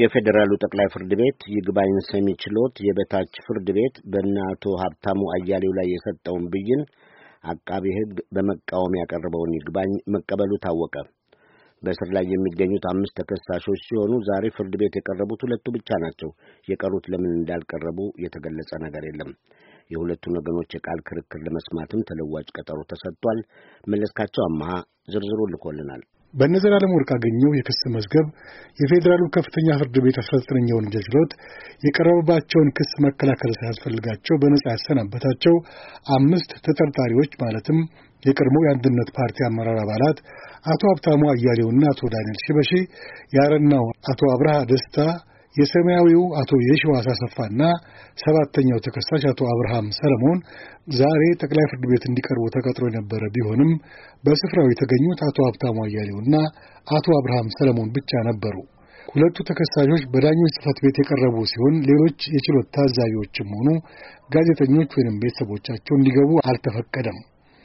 የፌዴራሉ ጠቅላይ ፍርድ ቤት ይግባኝ ሰሚ ችሎት የበታች ፍርድ ቤት በእነ አቶ ሀብታሙ አያሌው ላይ የሰጠውን ብይን አቃቤ ሕግ በመቃወም ያቀረበውን ይግባኝ መቀበሉ ታወቀ። በእስር ላይ የሚገኙት አምስት ተከሳሾች ሲሆኑ ዛሬ ፍርድ ቤት የቀረቡት ሁለቱ ብቻ ናቸው። የቀሩት ለምን እንዳልቀረቡ የተገለጸ ነገር የለም። የሁለቱን ወገኖች የቃል ክርክር ለመስማትም ተለዋጭ ቀጠሮ ተሰጥቷል። መለስካቸው አመሃ ዝርዝሩ ልኮልናል። በእነ ዘላለም ወርቅአገኘሁ የክስ መዝገብ የፌዴራሉ ከፍተኛ ፍርድ ቤት አስራ ዘጠነኛ ወንጀል ችሎት የቀረበባቸውን ክስ መከላከል ሳያስፈልጋቸው በነጻ ያሰናበታቸው አምስት ተጠርጣሪዎች ማለትም የቀድሞ የአንድነት ፓርቲ አመራር አባላት አቶ ሀብታሙ አያሌውና አቶ ዳንኤል ሽበሺ፣ የአረናው አቶ አብርሃ ደስታ፣ የሰማያዊው አቶ የሺዋስ አሰፋና ሰባተኛው ተከሳሽ አቶ አብርሃም ሰለሞን ዛሬ ጠቅላይ ፍርድ ቤት እንዲቀርቡ ተቀጥሮ የነበረ ቢሆንም በስፍራው የተገኙት አቶ ሀብታሙ አያሌውና አቶ አብርሃም ሰለሞን ብቻ ነበሩ። ሁለቱ ተከሳሾች በዳኞች ጽፈት ቤት የቀረቡ ሲሆን ሌሎች የችሎት ታዛቢዎችም ሆኑ ጋዜጠኞች ወይም ቤተሰቦቻቸው እንዲገቡ አልተፈቀደም።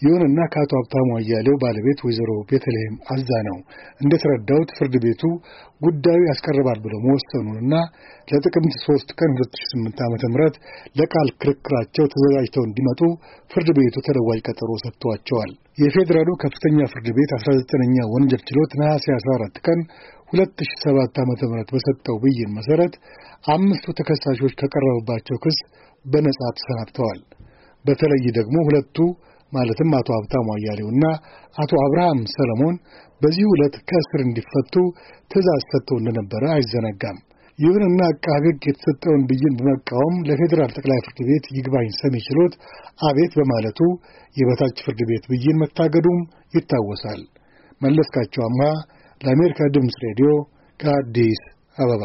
ይሁንና ከአቶ ሀብታሙ አያሌው ባለቤት ወይዘሮ ቤተልሔም አዛ ነው እንደተረዳሁት ፍርድ ቤቱ ጉዳዩ ያስቀርባል ብሎ መወሰኑንና ለጥቅምት ሶስት ቀን 2008 ዓ ም ለቃል ክርክራቸው ተዘጋጅተው እንዲመጡ ፍርድ ቤቱ ተለዋጅ ቀጠሮ ሰጥቷቸዋል። የፌዴራሉ ከፍተኛ ፍርድ ቤት 19ኛ ወንጀል ችሎት ነሐሴ 14 ቀን 2007 ዓ ም በሰጠው ብይን መሠረት አምስቱ ተከሳሾች ከቀረበባቸው ክስ በነጻ ተሰናብተዋል። በተለይ ደግሞ ሁለቱ ማለትም አቶ ሀብታሙ እና አቶ አብርሃም ሰለሞን በዚህ ዕለት ከእስር እንዲፈቱ ትእዛዝ ሰጥተው እንደነበረ አይዘነጋም። ይሁንና አቃቤ ሕግ የተሰጠውን ብይን በመቃወም ለፌዴራል ጠቅላይ ፍርድ ቤት ይግባኝ ሰሚ ችሎት አቤት በማለቱ የበታች ፍርድ ቤት ብይን መታገዱም ይታወሳል። መለስካቸው አምሃ ለአሜሪካ ድምፅ ሬዲዮ ከአዲስ አበባ